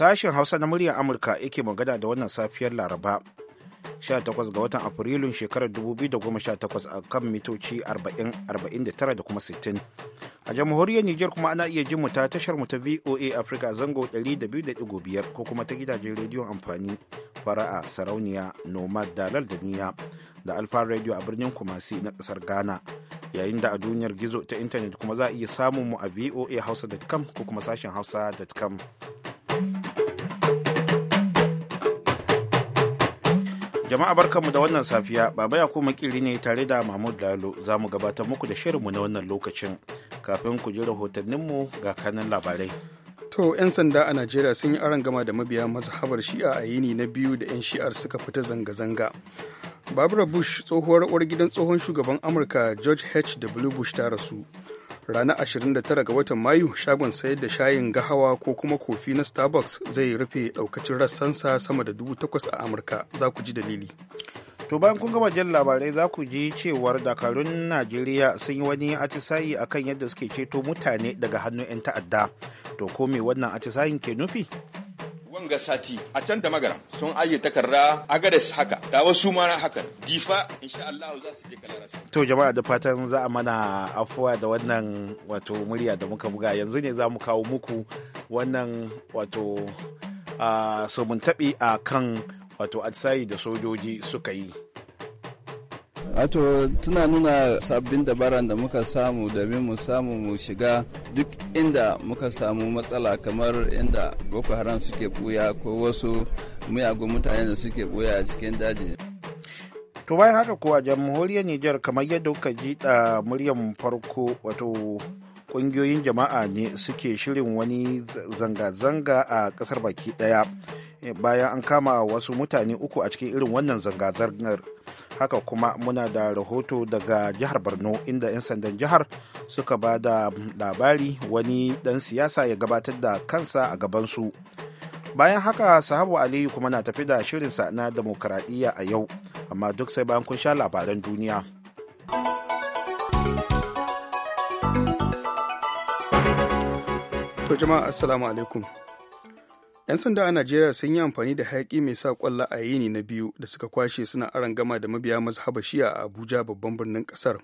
Sashen Hausa na muryar Amurka yake magana da wannan safiyar Laraba 18 ga watan Afrilun shekarar 2018 a kan mitoci 40 da kuma 60. A jamhuriyar niger kuma ana iya jin mu ta tashar mu ta VOA Africa zango 200.5 ko kuma ta gidajen rediyon amfani fara'a sarauniya nomad dalar da niya da alfa radio a birnin kumasi na kasar ghana yayin da a duniyar gizo ta intanet kuma za a iya samun mu a voa hausa.com ko kuma sashen hausa.com Jama'a barkanmu da wannan safiya, Baba kuma Makiri ne tare da Mahmud Lalo za mu gabatar muku da shirinmu na wannan lokacin kafin ku ji rahotanninmu ga kanin labarai. To, 'yan sanda a Najeriya sun yi aron gama da mabiya mazhabar shi'a a yini na biyu da 'yan shi'ar suka fita zanga-zanga. Barbara Bush tsohuwar uwar gidan tsohon shugaban Amurka George H.W. Bush ta rasu. ranar 29 ga watan mayu shagon sayar da shayin gahawa ko kuma kofi na starbucks zai rufe daukacin rassansa sama da dubu takwas a amurka za ku ji dalili to bayan kun gama jan labarai za ku ji cewar dakarun najeriya sun yi wani atisayi akan yadda suke ceto mutane daga hannun 'yan ta'adda to ko me wannan atisayin ke nufi ga sati a can da magara sun aje takarda a su haka da wasu ma haka difa insha Allah za su je kalara to jama'a da fatan za a mana afuwa da wannan wato murya da muka buga yanzu ne za mu kawo muku wannan wato uh, ah, so mun a kan wato atisayi da sojoji suka yi wato tuna nuna sabbin dabaran da muka samu domin mu samu mu shiga duk inda muka samu matsala kamar inda boko haram suke buya ko wasu miyagun mutane da suke buya a cikin daji to bayan haka kuwa jamhuriyar niger kamar yadda kuka ji da muryan farko wato kungiyoyin jama'a ne suke shirin wani zanga-zanga a kasar baki daya bayan an kama wasu mutane uku a cikin irin wannan zanga-zangar haka kuma muna da rahoto daga jihar borno inda 'yan sandan jihar suka ba da labari wani dan siyasa ya gabatar da kansa a gabansu bayan haka sahabu aliyu kuma na tafi da shirinsa na demokradiyya a yau amma duk sai bayan kun sha labaran duniya to jama'a assalamu alaikum 'Yan sanda a Najeriya sun yi amfani da hayaƙi mai sa kwallo a yini na biyu da suka kwashe suna aron gama da mabiya mazhaba shiya a Abuja babban birnin kasar'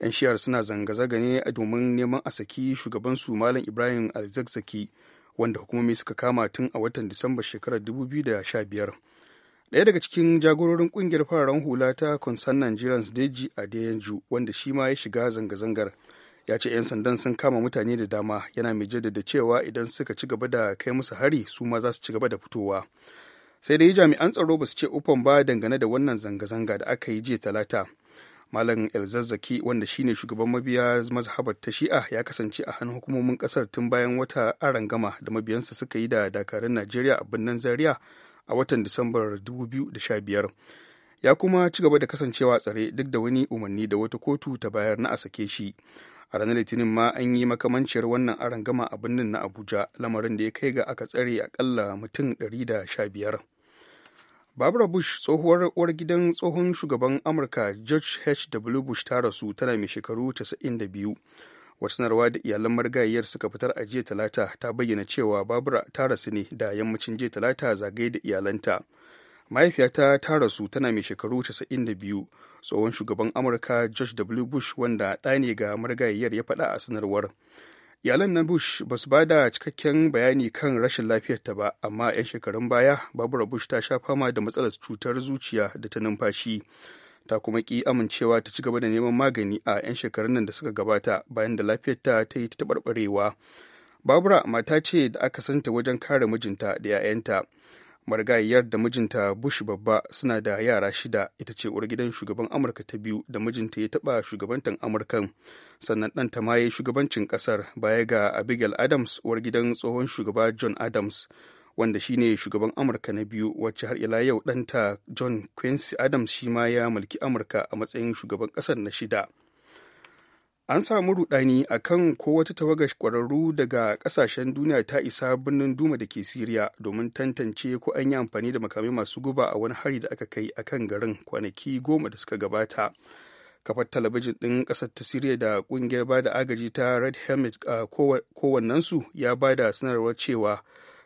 'Yan shiyar suna zanga-zanga ne domin neman a saki shugabansu Malam Ibrahim Alzakzaki wanda hukumomi suka kama tun a watan Disamba shekarar 2015. Ɗaya daga cikin jagororin kungiyar fararen hula ta Concern Nigerians Deji Adeyanju wanda shi ma ya shiga zanga-zangar. ya ce 'yan sandan sun kama mutane da dama yana mai jaddada cewa idan suka ci gaba da kai musu hari su ma za su ci gaba da fitowa sai dai jami'an tsaro ba su ce ufan ba dangane da wannan zanga-zanga da aka yi jiya talata malam elzazzaki wanda shine shugaban mabiya mazhabar ta shi'a ya kasance a hannun hukumomin kasar tun bayan wata arangama da mabiyansa suka yi da dakarun najeriya a birnin zaria a watan disambar 2015 ya kuma ci gaba da kasancewa tsare duk da wani umarni da wata kotu ta bayar na a sake shi a ranar litinin ma an yi makamanciyar wannan gama a birnin na abuja lamarin da ya kai ga aka tsare akalla mutum 115 babura Bush tsohuwar uwar gidan tsohon shugaban Amurka George h w Bush ta rasu tana mai shekaru 92. Wata sanarwa da iyalan marigayiyar suka fitar a jiya talata ta bayyana cewa babura ta rasu ne da yammacin jiya talata zagaye da iyalanta. mahaifiyata ta rasu tana mai shekaru 92 tsohon shugaban amurka george w bush wanda ɗa ne ga marigayiyar ya faɗa a sanarwar iyalan na bush ba su ba da cikakken bayani kan rashin lafiyarta ba amma 'yan shekarun baya babura bush ta sha fama da matsalar cutar zuciya da ta numfashi ta kuma ki amincewa ta ci gaba da neman magani a 'yan shekarun nan da suka gabata bayan da lafiyarta ta yi ta taɓarɓarewa babura mata ce da aka santa wajen kare mijinta da 'ya'yanta marigayiyar da mijinta bush babba suna da yara shida ita ce uwar gidan shugaban amurka ta biyu da mijinta ya taba shugabantan amurkan sannan dan ta maye shugabancin kasar baya ga abigail adams uwar gidan tsohon shugaba john adams wanda shine shugaban amurka na biyu wacce har ila yau ɗanta john quincy adams shi ma ya mulki amurka a matsayin shugaban kasar na shida an samu rudani a kan ko wata tawaga kwararru daga kasashen duniya ta isa birnin duma da ke siriya domin tantance ko an yi amfani da makamai masu guba a wani hari da aka kai a kan garin kwanaki goma da suka gabata kafar talabijin ɗin kasar ta siriya da ƙungiyar ba da agaji ta red helmet a kowannensu ya ba da sanarwar cewa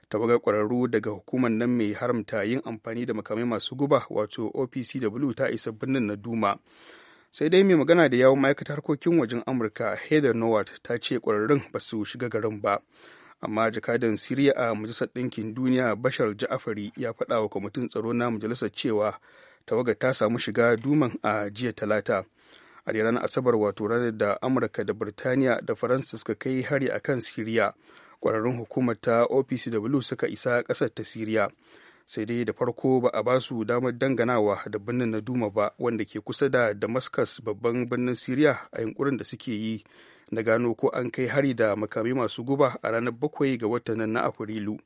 tawagar kwararru daga hukumar nan mai haramta yin amfani da makamai masu guba wato opcw ta isa birnin na duma sai dai mai magana da yawon ma'aikatar harkokin wajen amurka heather nowat ta ce kwararrun ba su shiga garin ba amma jakadan siriya a majalisar ɗinkin duniya bashar ja'afari ya faɗa wa kwamitin tsaro na majalisar cewa tawagar ta samu shiga duman a jiya talata a ranar asabar wato ranar da amurka da birtaniya da faransa suka kai hari akan siriya kwararrun hukumar ta opcw suka isa ƙasar ta siriya sai dai da farko ba a basu su damar danganawa da birnin na duma ba wanda ke kusa da damascus babban birnin syria a yankurin da suke yi na gano ko an kai hari da makami masu guba a ranar bakwai ga watan na afrilu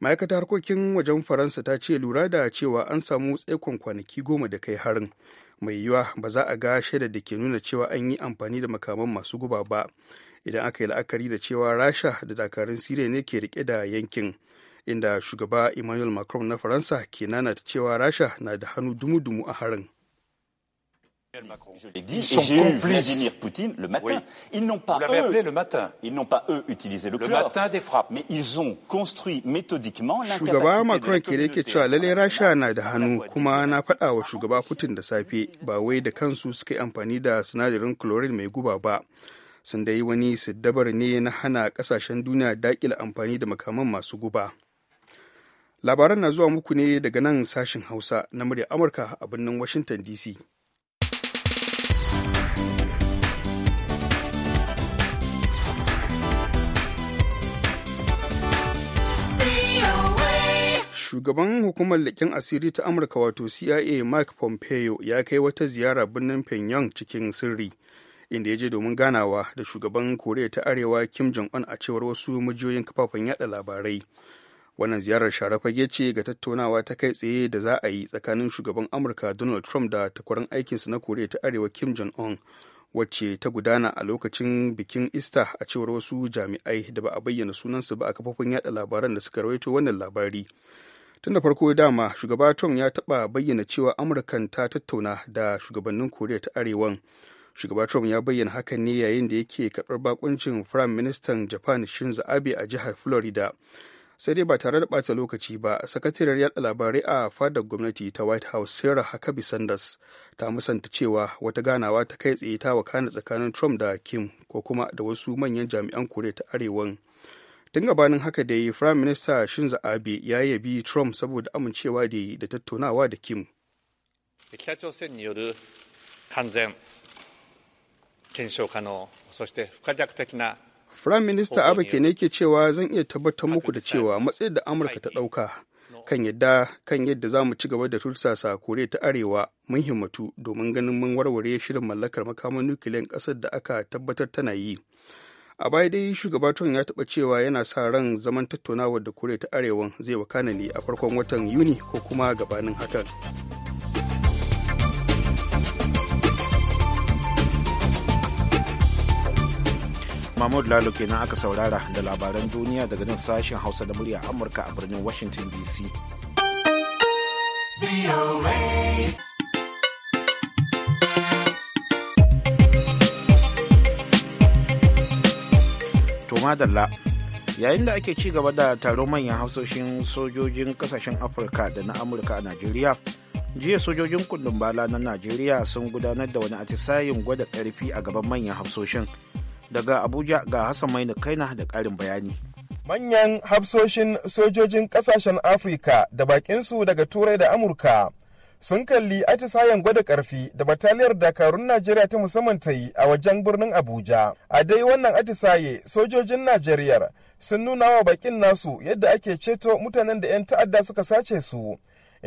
ma'aikata harkokin wajen faransa ta ce lura da cewa an samu tsaikon kwanaki goma da kai harin mai yiwuwa ba za a ga shaidar da ke nuna cewa an yi amfani da makaman masu guba ba idan aka yi la'akari da cewa rasha da dakarun siriya ne ke rike da yankin inda shugaba emmanuel macron na faransa ke nanata cewa rasha na da hannu dumu-dumu a harin Je l'ai Shugaba Macron ke yake cewa lalle Rasha na da hannu kuma na fada wa shugaba Putin da safe ba wai da kansu suka yi amfani da sinadarin chlorine mai guba ba. Sun da yi wani siddabar ne na hana kasashen duniya daƙila amfani da makaman masu guba. labaran na zuwa muku ne daga nan sashin hausa na murya amurka a birnin washington dc shugaban hukumar leƙen asiri ta amurka wato cia mike pompeo ya kai wata ziyara birnin pyongyang cikin sirri inda ya je domin ganawa da shugaban koriya ta arewa kim jong-un a cewar wasu majiyoyin kafafen yada labarai wannan ziyarar shara fage ce ga tattaunawa ta kai tsaye da za a yi tsakanin shugaban amurka donald trump da takwaran aikinsa na koriya ta arewa kim jong-un wacce ta gudana a lokacin bikin ista a cewar wasu jami'ai da ba a bayyana sunansu ba a kafofin yada labaran da suka rawaito wannan labari tun da farko dama shugaba trump ya taba bayyana cewa amurkan ta tattauna da shugabannin koriya ta arewan shugaba trump ya bayyana hakan ne yayin da yake karɓar bakuncin firayim ministan japan shinzo abe a jihar florida sai dai ba tare da ɓata lokaci ba sakatariyar yada labarai a fadar gwamnati ta white house sarah huckabee sanders ta musanta cewa wata ganawa ta kai tsaye ta wakana tsakanin trump da kim ko kuma da wasu manyan jami'an kore ta arewan tun gabanin haka da yi prime minister shinza abe ya yabi trump saboda amincewa da yi da tattaunawa da kim Firayim Minista Abba ne ke cewa zan iya tabbatar muku da cewa matsayin da Amurka ta ɗauka kan yadda kan yadda za mu ci gaba da tursasa kore ta arewa mun himmatu domin ganin mun warware shirin mallakar makaman nukiliyan ƙasar da aka tabbatar tana yi. A baya dai shugaba Trump ya taɓa cewa yana sa ran zaman tattaunawar da kore ta arewa zai wakana ne a farkon watan Yuni ko kuma gabanin hakan. mahmud lalo kenan aka saurara da labaran duniya daga nan sashen hausa da murya amurka a birnin washington dc to madalla yayin da ake ci gaba da taron manyan hausoshin sojojin kasashen afirka da na amurka a najeriya jiya sojojin kundin bala na najeriya sun gudanar da wani atisayin gwada ƙarfi a gaban manyan hafsoshin Daga Abuja ga Hassan Maina Kaina da ƙarin bayani. Manyan hafsoshin sojojin ƙasashen Afirka da su daga Turai da Amurka sun kalli atisayen gwada karfi da bataliyar dakarun najeriya ta musamman ta yi a wajen birnin abuja a dai wannan atisaye sojojin najeriya sun nuna wa bakin nasu yadda ake ceto mutanen da 'yan ta'adda suka sace su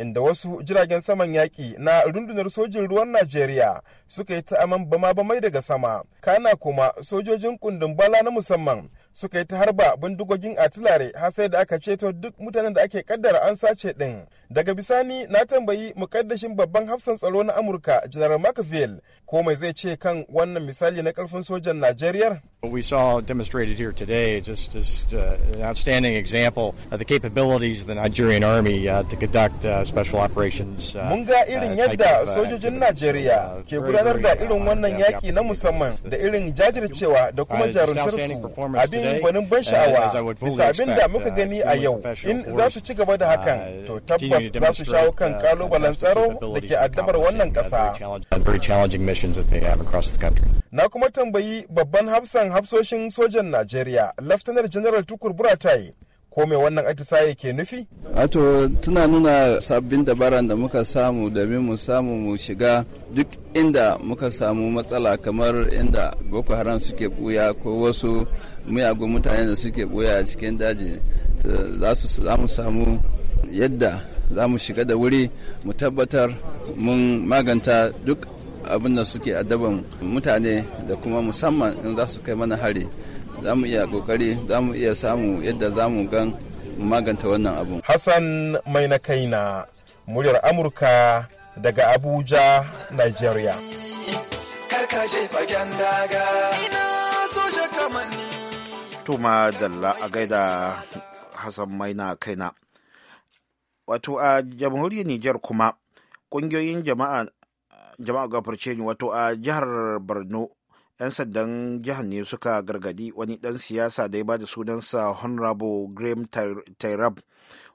inda wasu jiragen saman yaƙi na rundunar sojin ruwan Najeriya suka yi ta aman bama-bamai daga sama. Kana kuma sojojin kundin bala na musamman suka yi ta harba bindigogin atilare har sai da aka ceto duk mutanen da ake kaddara an sace din. Daga bisani na tambayi mukaddashin babban hafsan tsaro na Amurka General McVeil, ko mai zai ce kan wannan misali na karfin sojan Najeriya? What we saw demonstrated here today just just uh, an outstanding example of the capabilities of the Nigerian Army uh, to conduct uh, special operations. Uh, Mun ga uh, irin yadda uh, sojojin Najeriya ke gudanar da irin wannan yaki na musamman da irin jajircewa da kuma jaruntarsu abin gwanin ban sha'awa bisa abin da muka gani a yau in za su ci gaba da hakan to tabbas za su shawo kan kalubalen tsaro da ke addabar wannan ƙasa. Very challenging missions that they have across the country. na kuma tambayi babban hafsan hafsoshin sojan najeriya laftanar general tukur buratai ko mai wannan atisaye ke nufi? Ato tuna nuna sabbin dabaran da muka samu domin mu samu mu shiga duk inda muka samu matsala kamar inda Boko Haram suke buya ko wasu miyagun mutane da suke buya a cikin daji za su samu yadda za mu shiga da wuri mu tabbatar mun maganta duk abin da suke adaban mutane da kuma musamman in za su kai mana hari za mu iya kokari za mu iya samu yadda za mu gan maganta wannan abun. Hassan mai na muryar Amurka daga Abuja, Nigeria. Tuma dalla a gaida Hassan mai na Wato a jamhuriyar Nijar kuma ƙungiyoyin jama'a jama'a gafarce ni wato a jihar borno 'yan sandan jihar ne suka gargadi wani dan siyasa da ya bada sunansa honorable graham tairab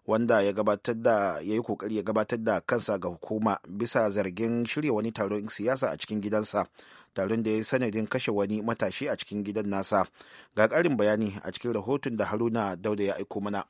wanda ya gabatar da ya yi kokari ya gabatar da kansa ga hukuma bisa zargin shirya wani taron siyasa a cikin gidansa taron da ya sanadin kashe wani matashi a cikin gidan nasa ga ƙarin bayani a cikin rahoton da haruna dauda ya aiko mana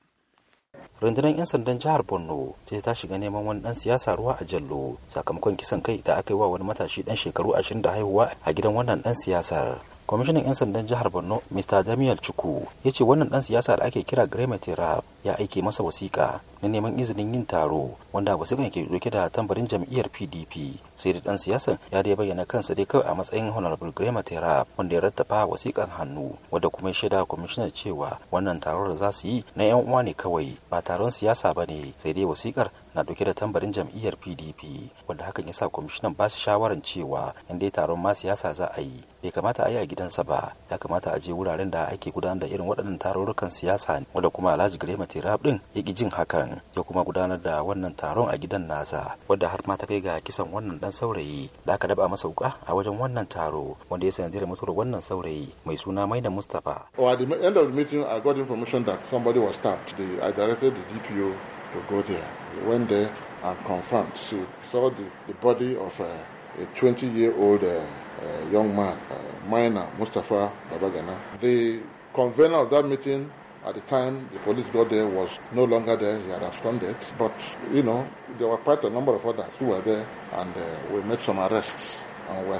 rundunar 'yan sandan jihar borno ta ta shiga neman wani dan siyasa ruwa a jallo sakamakon kisan kai da aka yi wa wani matashi dan shekaru ashirin da haihuwa a gidan wannan dan siyasar kwamishinan 'yan sandan jihar borno mr damiel chuku ya ce wannan dan siyasa da ake kira grema rap ya aike masa wasiƙa na neman izinin yin taro wanda wasiƙan ke doke da tambarin jam'iyyar pdp sai da dan siyasan ya dai bayyana kansa dai kawai a matsayin honorable grema rap wanda ya rattafa wasiƙan hannu wadda kuma ya shaida kwamishinan cewa wannan taron da za su yi na 'yan uwa ne kawai ba taron siyasa ba ne sai dai wasiƙar na dauke da tambarin jam'iyyar pdp wanda hakan ya sa kwamishinan ba su shawaran cewa in dai taron ma siyasa za a yi bai kamata a yi a gidansa ba ya kamata a je wuraren da ake gudanar da irin waɗannan tarurrukan siyasa ne wanda kuma alhaji grema tirab din ya ƙi jin hakan ya kuma gudanar da wannan taron a gidan nasa wanda har ma ta kai ga kisan wannan dan saurayi da aka daba masa wuka a wajen wannan taro wanda ya da mutuwar wannan saurayi mai suna maina mustapha. Oh, at the end of the meeting I got information that somebody was stabbed. The, I directed the DPO to go there. He went there and confirmed. She saw the, the body of a, a 20 year old uh, uh, young man, uh, miner Mustafa Babagana. The convener of that meeting at the time the police got there was no longer there, he had absconded. But, you know, there were quite a number of others who were there and uh, we made some arrests. Uh,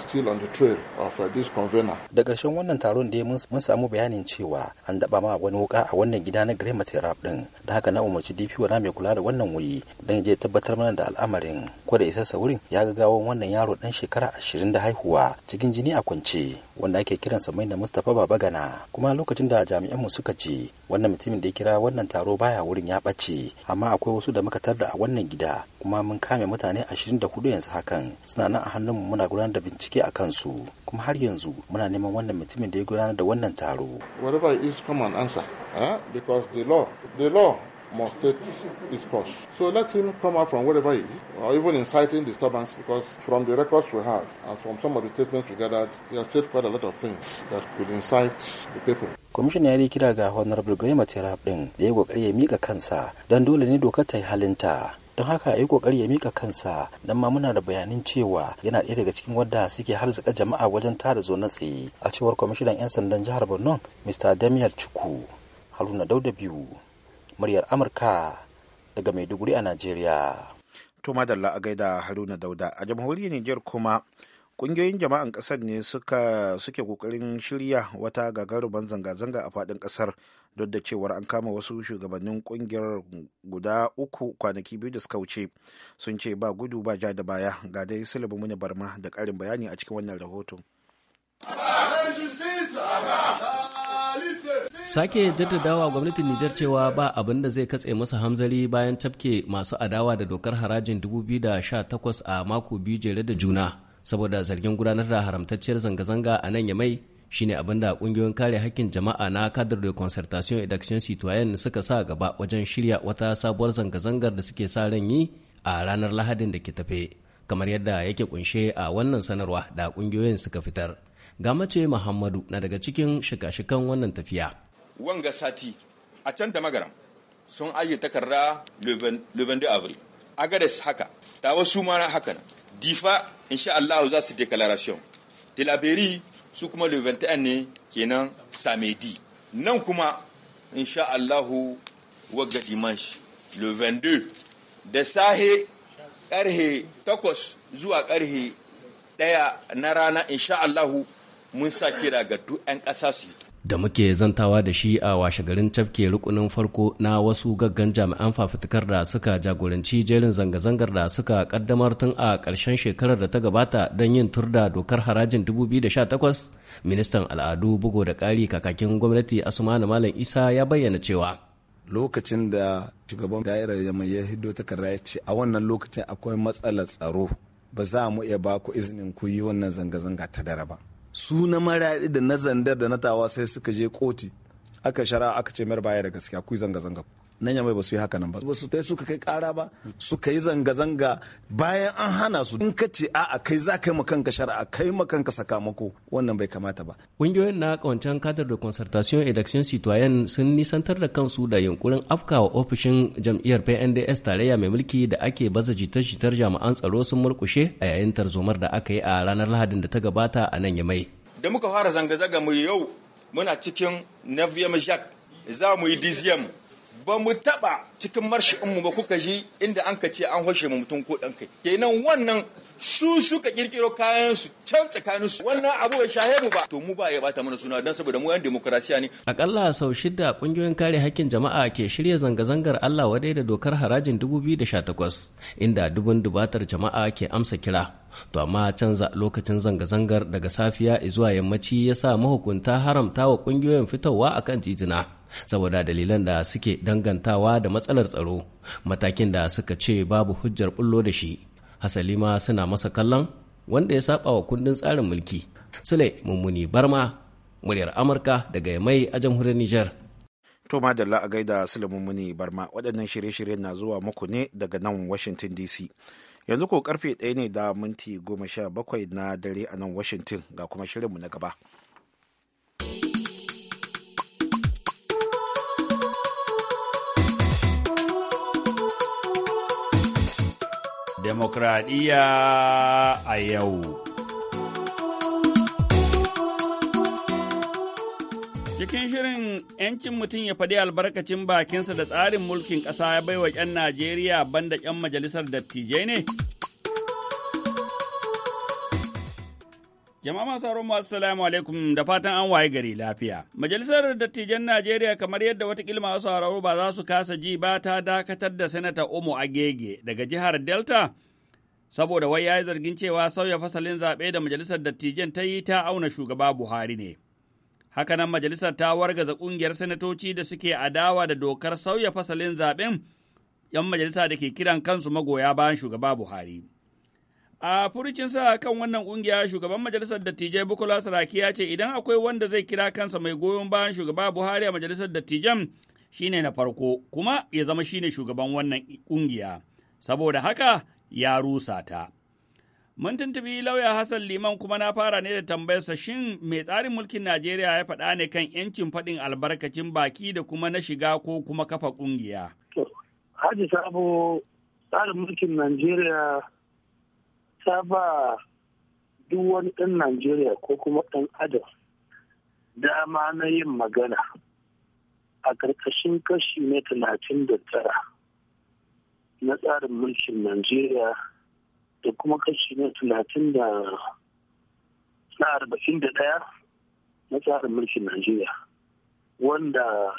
da ƙarshen wannan taron dai mun samu bayanin cewa an daɓa ma wani wuka a wannan gida na Grey Material ɗin Da haka na umarci DP wala mai kula da wannan wuri don je tabbatar mana da al'amarin. Ko da isassa wurin ya ga gawon wannan yaro dan shekara ashirin da haihuwa cikin jini a kwance wanda ake kiransa mai da Mustapha Babagana. Kuma lokacin da jami'an mu suka ce wannan mutumin da ya kira wannan taro baya wurin ya ɓace amma akwai wasu da muka tarda a wannan gida kuma mun kame mutane 24 yanzu hakan suna nan a hannunmu muna gudanar da bincike a kansu kuma har yanzu muna neman wannan mutumin da ya gudanar da wannan taro whatever is come and answer eh? because the law the law must take its course. So let him come out from wherever he is, or even inciting disturbance, because from the records we have and from some of the statements we gathered, he has said quite a lot of things that could incite the people. kwamishin ya yi kira ga honorable grey material din da ya kokari ya mika kansa don dole ne dokar ta yi halinta don haka ya yi kokari ya mika kansa don ma muna da bayanin cewa yana ɗaya daga cikin wadda suke harzika jama'a wajen tara zo tsaye a cewar kwamishinan 'yan sandan jihar borno mr damiel chuku haruna dauda biyu muryar amurka daga maiduguri a najeriya to madalla a gaida haruna dauda a jamhuriyar niger kuma kungiyoyin jama'an kasar ne suka suke kokarin shirya wata gagarumar zanga-zanga a fadin kasar duk da cewar an kama wasu shugabannin kungiyar guda uku kwanaki biyu da suka wuce sun ce ba gudu ba ja da baya ga dai silibu muni barma da karin bayani a cikin wannan rahoton sake jaddadawa gwamnatin Nijar cewa ba abin da zai katse masa hamzari bayan tafke masu adawa da dokar harajin 2018 a mako biyu jere da juna saboda zargin gudanar da haramtacciyar zanga-zanga a nan yamai shine abin da kungiyoyin kare hakkin jama'a na kadar da concertation et d'action suka sa gaba wajen shirya wata sabuwar zanga-zangar da suke sa ran yi a ranar lahadin da ke tafe kamar yadda yake kunshe a wannan sanarwa da kungiyoyin suka fitar gamace muhammadu na daga cikin shika-shikan wannan tafiya wanga sati a can da magaram sun ajiye takarda 11 avril agades haka tawa su ma haka difa insha Allah za su declaration tilaberi su kuma le 21 ne kenan samedi nan kuma insha Allah wagga dimanche le 22 da sahe karhe takwas zuwa karhe 1 na rana insha Allah mun sa kira ga duk 'yan ƙasa su yi da muke zantawa da shi a washe garin cafke rukunin farko na wasu gaggan jami'an fafutukar da suka jagoranci jerin zanga-zangar da suka kaddamar tun a ƙarshen shekarar da ta gabata don yin tur da dokar harajin 2018 ministan al'adu bugu da ƙari kakakin gwamnati asumani malam isa ya bayyana cewa lokacin da shugaban da'irar yamma ya hiddo takarda ya ce a wannan lokacin akwai matsalar tsaro ba za mu iya ba ku izinin ku yi wannan zanga-zanga ta dare ba su na maraɗi da na zandar da na tawa sai suka je koti aka shara aka ce mayar baya da gaskiya ku zanga-zanga nan yamma ba su yi haka ba su ta suka kai kara ba suka yi zanga-zanga bayan an hana su in ka ce a'a kai za kai makanka shari'a kai makanka sakamako wannan bai kamata ba ƙungiyoyin na kawancen kadar da concertation election citoyen sun nisantar da kansu da yunkurin afka wa ofishin jam'iyyar PNDS tarayya mai mulki da ake baza jita-jitar jami'an tsaro sun murkushe a yayin tarzomar da aka yi a ranar Lahadin da ta gabata a nan yamai da muka fara zanga-zanga mu yau muna cikin 9 jack za mu yi dizium ba mu taba cikin 'inmu ba kuka ji inda an ka ce an hoshe mu mutum ko ɗan kai kenan wannan su suka kirkiro kayan su can tsakanin su wannan abu ya shahe mu ba to mu ba ya bata mana suna dan saboda mu yan demokrasiya ne akalla sau shida kungiyoyin kare hakkin jama'a ke shirya zanga-zangar Allah wadai da dokar harajin 2018 inda dubun dubatar jama'a ke amsa kira to amma canza lokacin zanga-zangar daga safiya zuwa yammaci ya sa mahukunta haramta wa kungiyoyin fitowa akan titina saboda dalilan da suke dangantawa da matsalar tsaro matakin da suka ce babu hujjar bullo da shi hasali ma suna masa kallon wanda ya saba wa kundin tsarin mulki sule mummuni barma muryar amurka daga mai a jamhuriyar niger to madalla a gaida sule mummuni barma waɗannan shirye-shiryen na zuwa muku ne daga nan washington dc yanzu ko karfe ɗaya ne da minti goma sha bakwai na dare a nan washington ga kuma shirinmu na gaba demokradiyya a yau. Cikin shirin 'yancin mutum ya faɗi albarkacin bakinsa da tsarin mulkin ƙasa ya baiwa 'yan Najeriya banda 'yan majalisar dattijai ne? Jama'a masu masu salamu alaikum da fatan an waye gari lafiya. Majalisar Dattijan Najeriya kamar yadda watakila masu sauraro ba za su kasa ji ba ta dakatar da Sanata Omo Agege daga jihar Delta saboda wai ya yi zargin cewa sauya fasalin zaɓe da Majalisar Dattijan ta yi ta auna shugaba Buhari ne. Hakanan Majalisar ta wargaza ƙungiyar sanatoci da suke adawa da dokar sauya fasalin zaɓen 'yan majalisa da ke kiran kansu magoya bayan shugaba Buhari. A furucin sa kan wannan kungiya shugaban majalisar dattijai Bukola Saraki ya ce idan akwai wanda zai kira kansa mai goyon bayan shugaba Buhari a majalisar dattijan shine na farko kuma ya zama shine shugaban wannan kungiya saboda haka ya rusa ta. Mun tuntubi lauya Hassan Liman kuma na fara ne da tambayarsa shin mai tsarin mulkin Najeriya ya faɗa ne kan ‘yancin faɗin albarkacin baki da kuma na shiga ko kuma kafa kungiya Haji Sabo tsarin mulkin Najeriya ta ba duk wani ɗan Najeriya ko kuma ɗan adam dama na yin magana a ƙarƙashin kashi na talatin da tara na tsarin mulkin Najeriya da kuma kashi na talatin da na arba'in da ɗaya na tsarin mulkin Najeriya wanda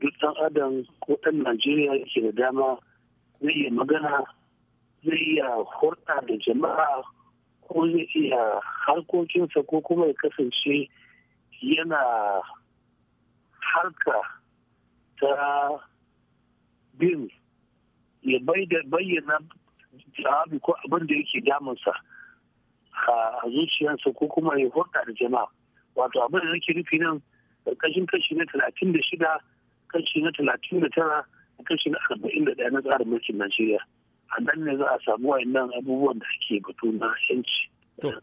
duk ɗan adam ko ɗan Najeriya yake da dama zai yi magana zai iya hurɗa da jama'a ko zai iya harkokinsa ko kuma ya kasance yana harka ta bin ya bayyana jawabi ko abin da yake damunsa a zuciyarsa ko kuma ya hurɗa da jama'a wato abin da nake nufi nan ƙarƙashin kashi na talatin da shida kashi na talatin da tara kashi na arba'in da ɗaya na tsarin mulkin najeriya a nan ne za a samu wayannan abubuwan da ake batu na yanci eh,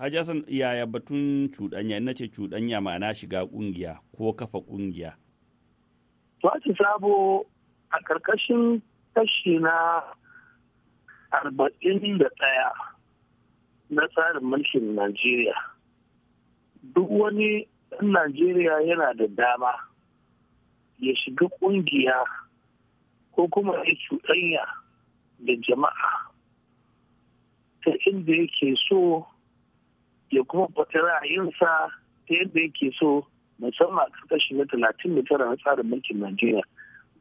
Haji Hassan yaya batun cuɗanya ina ce cuɗanya ma'ana shiga ƙungiya ko kafa ƙungiya. To sabo a ƙarƙashin kashi na arba'in da ɗaya na tsarin mulkin Najeriya. Duk wani ɗan Najeriya yana da dama ya shiga ƙungiya ko kuma ya cuɗanya da jama'a ta inda yake so ya kuma fata ra'ayinsa ta yadda yake so musamman a kashi na talatin da tara na tsarin mulkin Najeriya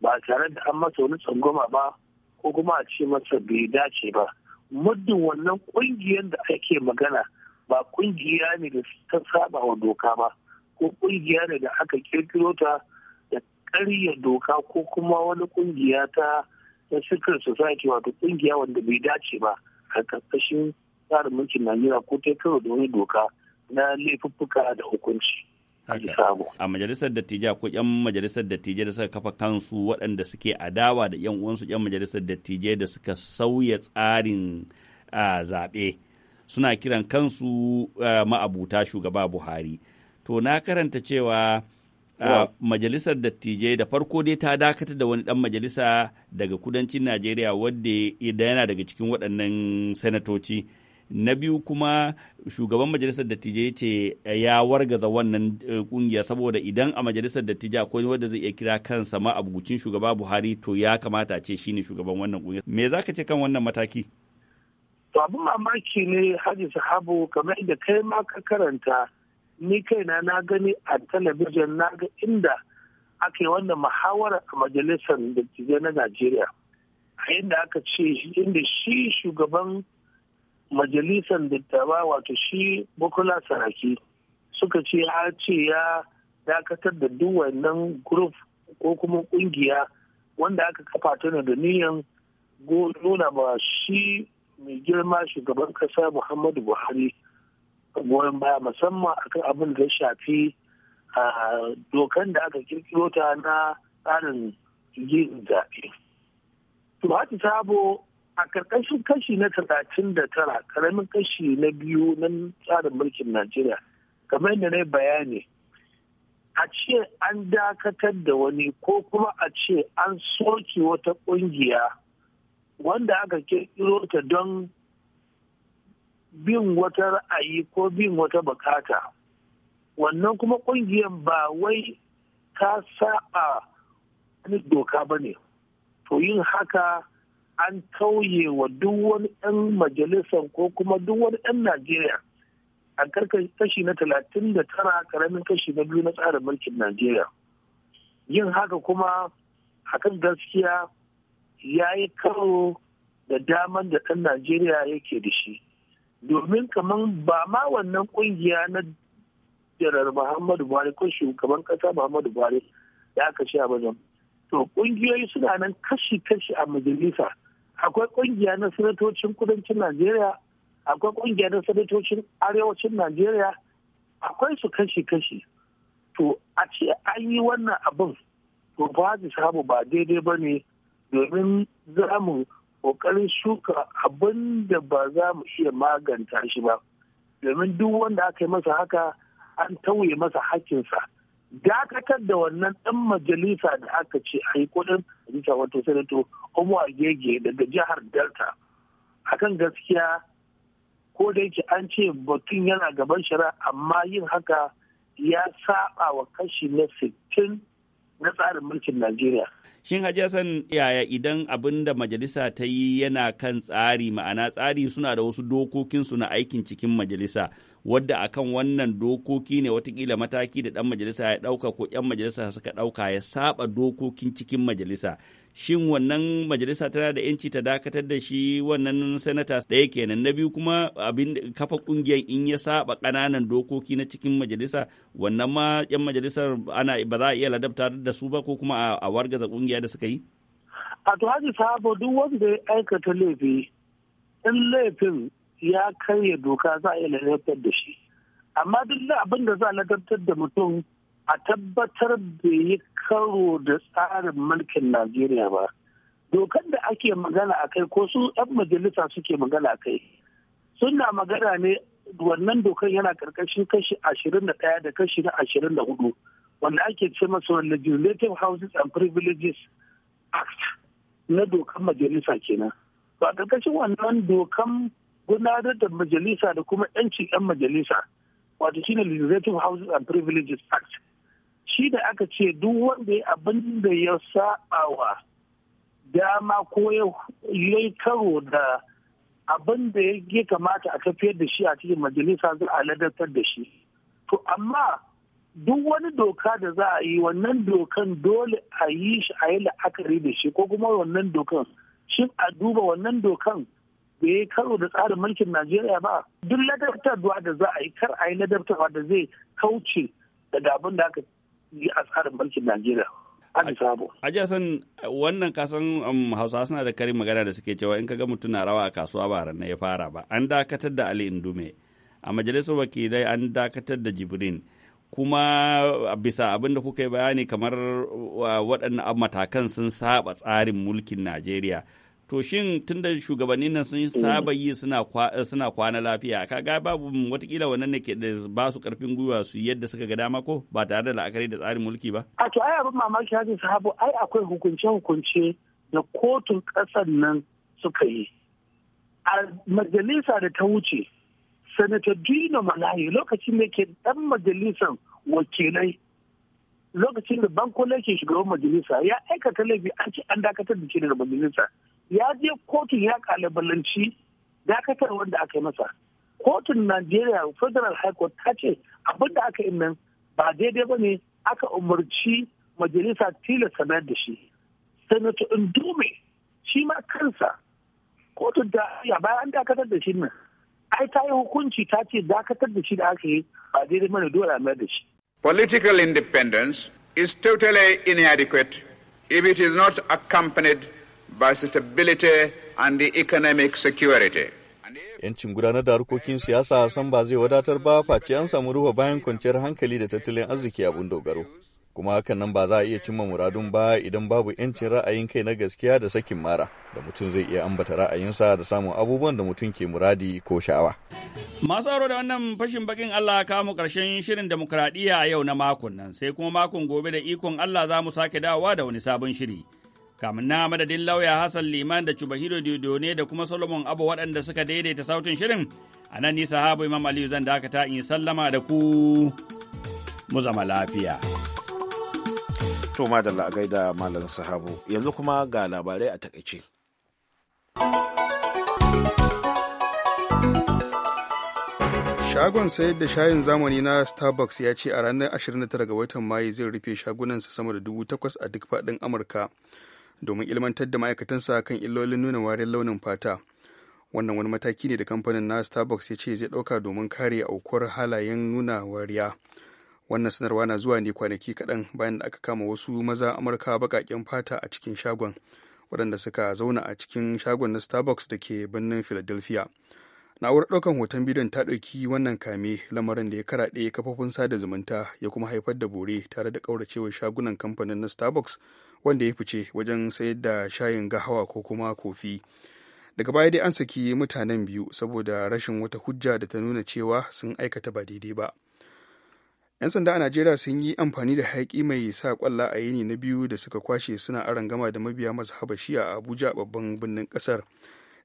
ba tare da an masa wani tsangwama ba ko kuma a ce masa bai dace ba muddin wannan ƙungiyar da ake magana ba ƙungiya ne da ta saba wa doka ba ko ƙungiya ne da aka kirkiro ta karya doka ko kuma wani kungiya ta ta secret society wato kungiya wanda bai dace ba a karkashin tsarin mulkin najeriya ko ta karo da wani doka na laifuffuka da hukunci a majalisar dattijai ko yan majalisar dattijai da suka kafa kansu waɗanda suke adawa da yan uwansu yan majalisar dattijai da suka sauya tsarin zaɓe suna kiran kansu ma'abuta shugaba buhari to na karanta cewa Uh, majalisar dattijai da farko dai ta dakatar da wani dan majalisa daga kudancin najeriya wadda yana daga cikin waɗannan sanatoci na biyu kuma shugaban majalisar dattijai ce eh, ya wargaza wannan kungiya eh, saboda idan a majalisar dattijai akwai wanda zai iya kira kansa ma abugucin shugaba buhari to ya kamata ce shine shugaban wannan kungiya me zaka ce kan wannan mataki to abin mamaki ne haji sahabu kamar da kai ma ka karanta ni kaina na gani a talabijin na ga inda aka yi wannan muhawara a majalisar dattijai na najeriya a inda aka ce inda shi shugaban majalisar dattawa wato shi bukula saraki suka ce ya ce ya dakatar da duk wannan group ko kuma kungiya wanda aka kafa ta ne da niyan nuna ba shi mai girma shugaban kasa muhammadu buhari goyon baya musamman akan abin da ya shafi dokan da aka kirkiro ta na tsarin yin zaɓe. Tuhati Sabo a karkashin kashi na talatin da tara karamin kashi na biyu na tsarin mulkin Najeriya kamar yadda na bayani a ce an dakatar da wani ko kuma a ce an soke wata ƙungiya wanda aka kirkiro ta don bin wata ra'ayi ko bin wata bukata wannan kuma ƙungiyar ba wai ta saba wani doka ba ne to yin haka an kauye wa duk wani 'yan majalisar ko kuma duk wani 'yan najeriya a karkar kashi na talatin da tara karamin kashi na biyu na tsarin mulkin najeriya yin haka kuma hakan gaskiya ya yi karo da daman da ɗan najeriya yake da shi domin kamar ba ma wannan kungiya na jarar muhammadu buhari ko shugaban kasa muhammadu buhari ya kashe a wajen to kungiyoyi suna nan kashi-kashi a majalisa akwai kungiya na sanatocin kudancin najeriya akwai kungiya na sanatocin arewacin najeriya akwai su kashi-kashi to a ce an yi wannan abin to ba samu ba daidai ba ne domin za mu ƙoƙarin shuka abin da ba za mu iya maganta shi ba domin duk wanda aka yi masa haka an tauye masa hakinsa dakatar da wannan ɗan majalisa da aka ce a yi kudin majalisa wato sanato umar gege daga jihar delta akan gaskiya ko da yake an ce batun yana gaban shara amma yin haka ya saba wa kashi na 60 na tsarin mulkin najeriya Shin Hajji Hassan yaya idan abin da majalisa ta yi yana kan tsari ma'ana tsari suna da wasu dokokinsu na aikin cikin majalisa wadda akan wannan dokoki ne watakila mataki da ɗan majalisa ya ɗauka ko ‘yan majalisa suka ɗauka ya saba dokokin cikin majalisa. Shin wannan majalisa tana da ‘yanci ta dakatar da shi wannan sanata ɗaya kenan na biyu kuma abin kafa ƙungiyar in ya saba ƙananan dokoki na cikin majalisa wannan ma ‘yan majalisar ana ba za a iya ladabta da su ba ko kuma a wargaza ƙungiyar kungiya da suka yi? A to haji sabo duk wanda ya aikata laifi in laifin ya karya doka za a iya lalatar da shi. Amma duk abin da za a lalatar da mutum a tabbatar da yi karo da tsarin mulkin Najeriya ba. Dokar da ake magana a kai ko su 'yan majalisa suke magana a kai. Suna magana ne wannan dokar yana karkashin kashi ashirin da ɗaya da kashi na ashirin da hudu wanda ake ce masa wanda Legislative Houses and Privileges Act na dokan majalisa kenan. Ba a ƙarƙashin wannan dokan gudanar da majalisa da kuma 'yancin 'yan majalisa wato shine Legislative Houses and Privileges Act. Shi da aka ce duk wanda ya abin da ya saɓawa dama ko ya karo da abin da ya kamata a tafiyar da shi a cikin majalisa za a da shi. To amma duk wani doka da za a yi wannan dokan dole a yi shi a yi la'akari da shi ko kuma wannan dokan shin a duba wannan dokan da ya karo da tsarin mulkin najeriya ba duk ladabtarwa da za a yi kar a yi ladabtarwa da zai kauce daga abin da aka yi a tsarin mulkin najeriya Ajiya san wannan um, kasan hausa suna da karin magana da suke cewa in kaga mutum na rawa a kasuwa ba ranar ya fara ba. An dakatar da Ali Indume. A majalisar wakilai an dakatar da Jibrin. kuma bisa abinda kuka yi bayani kamar waɗannan matakan sun saba tsarin mulkin najeriya to shin tunda shugabannin nan sun eh. saba yi suna kwana lafiya kaga babu watakila wannan ne ke da ba su karfin gwiwa su yadda suka ga dama ko ba tare da la'akari da tsarin mulki ba a to ai abin mamaki su habu ai akwai hukunce hukunce da kotun ƙasar nan suka yi a majalisa da ta wuce Senator Dino Malayi lokacin da ke dan majalisar wakilai lokacin da bankola ke shugaban majalisa ya aikata laifi an ce an dakatar da shi majalisa ya je kotun ya kalabalanci dakatar wanda aka yi masa kotun najeriya federal high court ta ce abin da aka yi nan ba daidai ba ne aka umarci majalisa tilasta sanar da shi senator indume shi ma kansa kotun ta ya bayan dakatar da shi nan ai ta yi hukunci ta ce dakatar da shi da aka yi ba daidai mana dole a mayar da shi. Political independence is totally inadequate if it is not accompanied by stability and the economic security. Yancin gudanar da harkokin siyasa san ba zai wadatar ba face an samu ruwa bayan kwanciyar hankali da tattalin arziki abun dogaro. kuma hakan nan ba za a iya cimma muradun ba idan babu yancin ra'ayin kai na gaskiya da sakin mara da mutum zai iya ambata ra'ayinsa da samun abubuwan da mutum ke muradi ko sha'awa. Masu aro da wannan fashin bakin Allah ka mu karshen shirin demokradiyya a yau na makon nan sai kuma makon gobe da ikon Allah za mu sake dawowa da wani sabon shiri. Kamin na madadin lauya Hassan Liman da Cubahiro ne da kuma Solomon Abu waɗanda suka daidaita sautin shirin a nan ni habu Imam Aliyu zan dakata in sallama da ku mu zama lafiya. to ma da la'agai da malam sahabu yanzu kuma ga labarai a takaice shagon sayar da shayin zamani na starbucks ya ce a ranar 29 ga watan mayu zai rufe shagunansa sama da 8,000 a duk faɗin amurka domin ilmantar da ma'aikatansa kan illolin nuna wariyar launin fata wannan wani mataki ne da kamfanin na starbucks ya ce zai ɗauka domin kare aukuwar halayen nuna wariya wannan sanarwa na zuwa ne kwanaki kaɗan bayan da aka kama wasu maza amurka baƙaƙen fata a cikin shagon waɗanda suka zauna a cikin shagon na starbucks da ke birnin philadelphia na'urar ɗaukan hoton bidiyon ta ɗauki wannan kame lamarin da ya karaɗe kafofin sada zumunta ya kuma haifar da bore tare da ƙauracewar shagunan kamfanin na starbucks wanda ya fice wajen sayar da shayin gahawa ko kuma kofi daga baya dai an saki mutanen biyu saboda rashin wata hujja da ta nuna cewa sun aikata ba daidai ba 'yan sanda a najeriya sun yi amfani da hayaki mai sa kwalla a yini na biyu da suka kwashe suna gama da mabiya masu haba shi a abuja babban birnin kasar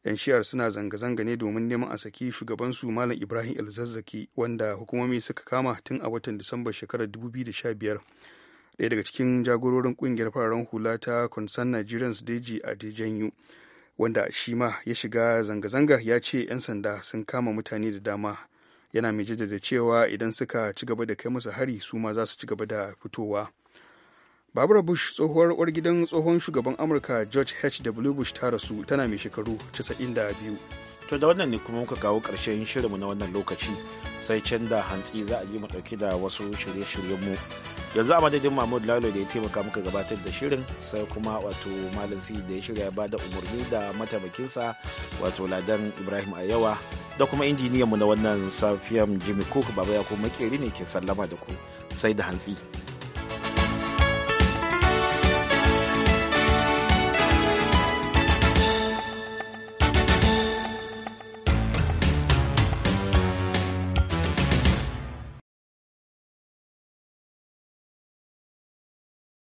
'yan shiyar suna zanga-zanga ne domin neman a saki shugabansu malam ibrahim elzazzaki wanda hukumomi suka kama tun a watan disamba shekarar 2015 ɗaya daga cikin jagororin ƙungiyar fararen hula ta concern nigerians deji a dejanyu wanda shima ya shiga zanga-zangar ya ce 'yan sanda sun kama mutane da dama yana mai jaddada cewa idan suka ci gaba da kai masa hari su ma za su ci gaba da fitowa Barbara Bush tsohuwar uwar gidan tsohon shugaban Amurka George H.W. Bush ta rasu tana mai shekaru 92. to da wannan ne kuma muka kawo ƙarshen shirinmu na wannan lokaci sai can da hantsi za a ji mu ɗauki da wasu shirye-shiryenmu yanzu a madadin mahmud lalo da ya taimaka muka gabatar da shirin sai kuma wato malam si da ya shirya ya bada umarni da mataimakinsa wato ladan ibrahim ayawa da kuma injiniyanmu na wannan safiyan jimmy cook baba ya kuma makeri ne ke sallama da ku sai da hantsi.